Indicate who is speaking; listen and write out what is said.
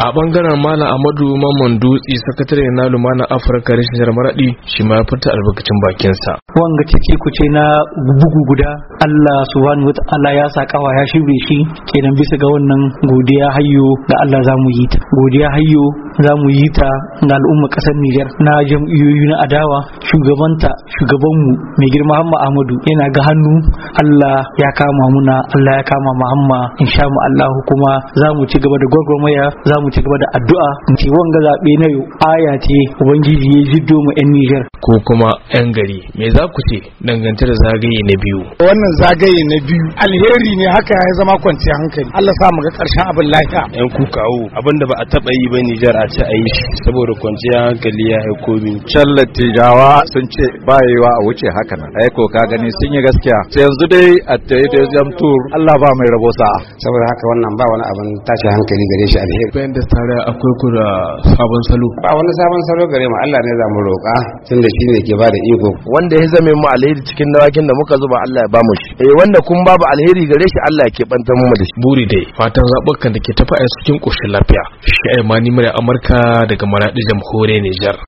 Speaker 1: a bangaren malam amadu mamman dutse sakatare na lumana afirka rashin maradi shi
Speaker 2: ma ya fita albarkacin bakinsa wanga ciki ku na bugu guda allah subhanahu wa ta'ala ya sa kawa ya shirye shi kenan bisa ga wannan godiya hayyo ga allah za mu yi ta godiya hayyo za mu yi ta ga al'umma kasar niger na jam'iyyoyi na adawa shugabanta shugabanmu mai girma hamma ahmadu yana ga hannu allah ya kama muna allah ya kama mu hamma sha mu allahu kuma za mu ci gaba da gwagwarmaya za mu ci gaba da addu'a ce wanga zaɓe na yau aya ce ubangiji ya jiddo mu yan nijar
Speaker 1: ko kuma yan gari me za ku ce dangantar zagaye na biyu
Speaker 2: wannan zagaye na
Speaker 3: biyu alheri ne haka ya zama kwanciyar hankali allah sa mu ga karshen abin lafiya
Speaker 1: yan kukawo abin da ba a taɓa yi ba nijar a ci a yi shi saboda kwanciyar hankali ya haiko min tijawa
Speaker 4: sun ce ba wa a wuce haka nan ai ko ka gani sun yi gaskiya sai yanzu dai a tayi da yam tur. Allah ba mai rabo sa'a saboda haka wannan ba wani abin tashi hankali gare shi alheri bayan da tare akwai kura sabon salo ba wani sabon salo gare mu Allah ne za mu roƙa tunda shi ne ke bada iko wanda ya zame mu alheri cikin dawakin da muka zuba Allah ya ba mu shi eh wanda kun
Speaker 1: babu alheri gare shi Allah ke bantar mu da shi buri dai fatan zabukan da ke tafi a cikin koshin lafiya shi ai mani mura Amurka daga Maradi jamhuriyar Nijar